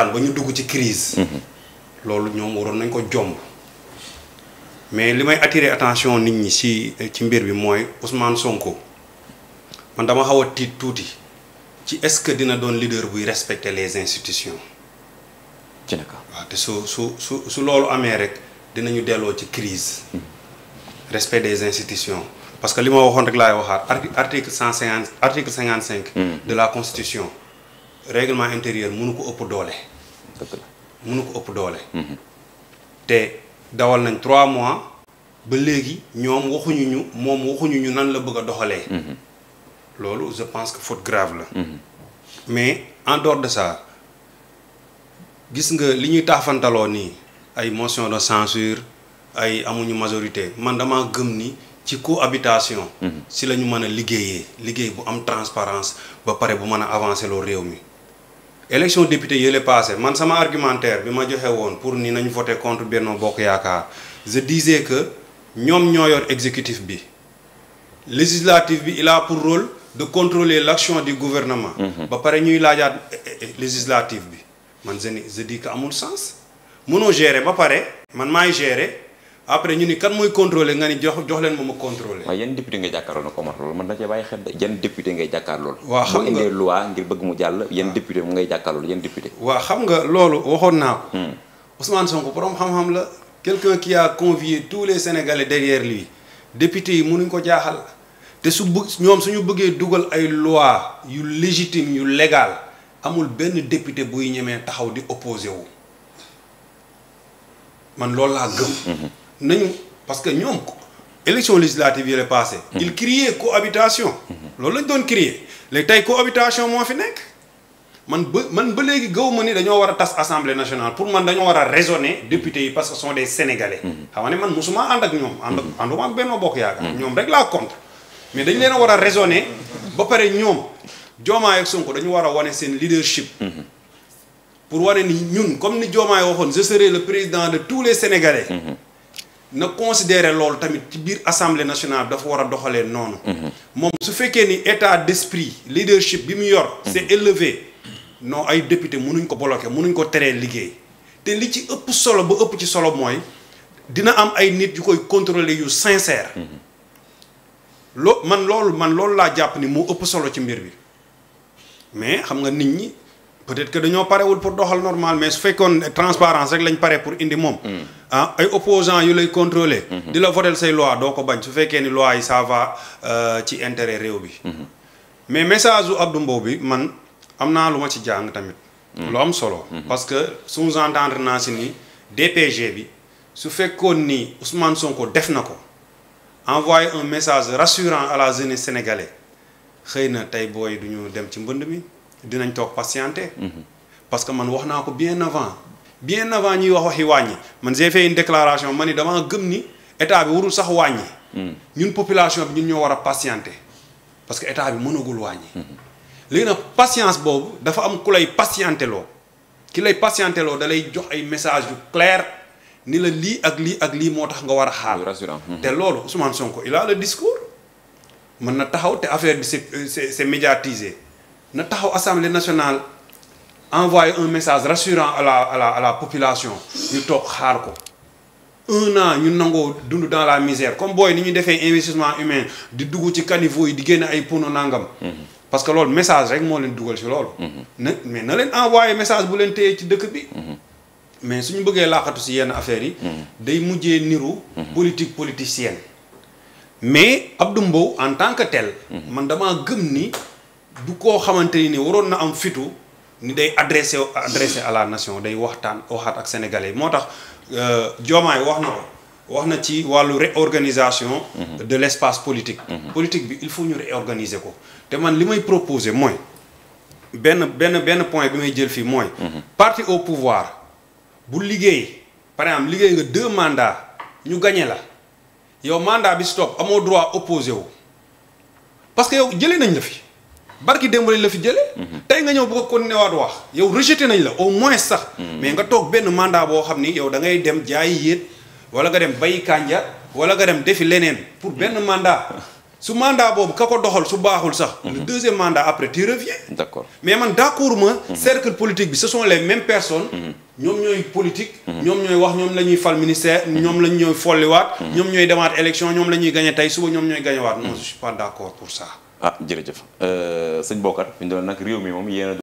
daal ba ñu dugg ci crise mhm. loolu ñoom waroon nañ ko jomb mais li may attire attention nit ñi ci ci mbir bi mooy Ousmane Sonko man dama xaw a tiit tuuti ci est-ce que dina doon leader buy respecter les institutions. ci naka waaw te su su su su loolu amee rek dinañu delloo ci crise mhm. respect des institutions parce que li ma waxoon rek laay waxaat article cent cinquante article cinquante cinq. Mhm. de la constitution. règlement intérieur mënu ko ëpp doole. munu ko ëpp doole. Mhm. te dawal nañ trois mois. ba léegi ñoom waxuñu ñu moom waxuñu ñu nan la bëgg a doxalee. Mhm. loolu je pense que faute grave la. Mhm. mais en dehors de ça gis nga li ñuy taafantaloo ni ay motion de censure ay amuñu majorité man dama gëm ni ci cohabitation. si la ñu mën a liggéeyee liggéey bu am transparence ba pare bu mën a avancer loo réew mi. élection député yële passé man sama argumentaire bi ma joxe woon pour ni nañu voté contre Benno Bokk Yaakaar je disais que ñoom ñoo yor exécutif bi législatif bi il a pour rôle de contrôler l'action du gouvernement mhm. ba pare ñuy laajaat eh, eh, eh, législatif bi man je je dis que amul sens mënoo gérer ba pare man maay gérer après ñu ni kan mooy contrôler nga ni jox jox leen ma ma contrôler waaw yan député ngay jàkkaarloo na ko mat loolu man na cee bàyyi xel de yan député ngay xam nga bëgg mu jàll yan député mu ngay jàkkaarlool yan député waaw xam nga loolu waxoon naa ko hmm. Ousmane Sonko borom xam-xam la quelqu'un qui a convié tous les Sénégalais derrière lui député yi mënuñ ko jaaxal te su bëgg ñoom suñu bëggee dugal ay loi yu légitime yu légal amul benn député buy ñemee taxaw di opposé wu man loolu laa gëm hmm, hmm. nañu parce que ñoom élection législative yi la passé il criait cohabitation loolu lañ doon créer léegi tey cohabitation moo fi nekk man ba man ba léegi gaw ma ni dañoo war a tas assemblée nationale pour man dañoo war a raisonner député yi parce que sont des sénégalais xam nga ne man musuma ànd ak ñoom ànd ànduma ak Benno Bokk Yaakaar ñoom rek laa contre mais dañ leen a war a raisonner ba pare ñoom Diomaye ak Sonko dañu war a wane seen leadership pour wane ni ñun comme ni Diomaye waxoon je le président de tous les sénégalais na considérer loolu tamit ci biir assemblée nationale dafa war a doxalee noonu. moom su fekkee ni état d'esprit leadership bi mu yor. c'est élevé non ay député mënuñ ko bloquer mënuñ ko teree liggéey te li ci ëpp solo ba ëpp ci solo mooy dina am ay nit yu koy contrôler yu sincère. loo man loolu man loolu laa jàpp ni mu ëpp solo ci mbir bi mais xam nga nit ñi. peut que dañoo parewul pour doxal normal mais su fekkoon transparence rek lañ pare pour indi moom. Mm. ah ay opposants yu lay contrôler mm-hmm. di la voter say loi doo ko bañ su fekkee ni loi yi ça euh, ci intéret réew bi. Mm-hmm. mais message su Abdou Mbow bi man am naa lu ma ci jàng tamit. Mm. lu am solo. Mm-hmm. parce que sous-entendre naa si ni DPG bi su fekkoon ni Ousmane Sonko def na ko envoyé un message rassurant à la jeunesse sénégalaise xëy na tey booy du ñu dem ci mbënd mi. dinañ toog patienter. Mhm. parce que man wax naa ko bien avant bien avant ñiy wax waxi wàññi man j'ai fait une déclaration ma ni damaa gëm ni état bi warul sax wàññi. Mhm. ñun population bi ñun ñoo war a patienter parce que état bi mënagul wàññi. Mhm. léegi nag patience boobu dafa am ku lay patienté ki lay patienté loo da lay jox ay message yu clair ni la lii ak lii ak lii moo tax nga war a xaar. te loolu Ousmane Sonko il a le discours mën na taxaw te affaire bi c'est c'est médiatisé. na taxaw assemblée nationale envoyé un message rassurant à la à la population ñu toog xaar ko un an ñu nangoo dund dans la misère comme booy ni ñu defee investissement humain di dugg ci caniveau yi di génne ay pono nangam. parce que loolu message rek moo leen dugal ci loolu. na mais na leen envoyé message bu leen téye ci dëkk bi. mais suñu bëggee laaxatu si yenn affaires yi. day mujjee niru. politique politicienne. mais Abdou Mbow en tant que tel. man damaa gëm ni. du koo xamante ni waroon na am fitu ni day adressé adressé à la nation day waxtaan waxaat ak sénégalais moo tax euh, Diomaye wax na ko wax na ci wàllu réorganisation mhm. de l' espace politique mhm. politique bi il faut ñu réorganiser ko te man li may proposer mooy benn benn benn point bi may jël fii mooy mhm. parti au pouvoir bu liggéey par exemple liggéey nga deux mandats ñu gañe la yow mandat bi stop amoo droit opposé wu parce que yow jëlee nañ la fi barki démb lañ la fi jëlee. Mhm. tey nga ñëw bu ko continué waat wax yow rejeté nañ la au moins sax. Mhm. mais nga toog benn mandat boo xam ni yow da ngay dem jaayi yéet wala nga dem bayi kànja wala nga dem defi leneen pour benn mhm. mandat. su mandat boobu ka ko doxal su baaxul sax. le deuxième mandat après tu reviens. d'accord mais man d'accord ma. cercle politique bi ce sont les mêmes personnes. ñoom ñooy politique. ñoom ñooy wax ñoom la ñuy fal ministère ñoom la ñuy folliwaat. ñoom ñooy demaat élection ñoom la ñuy gagné tey suba ñoom ñooy gagné waat non pour ça. ah jërëjëf euh, sëñ Bokar fi ñu doon nag réew mi moom yéen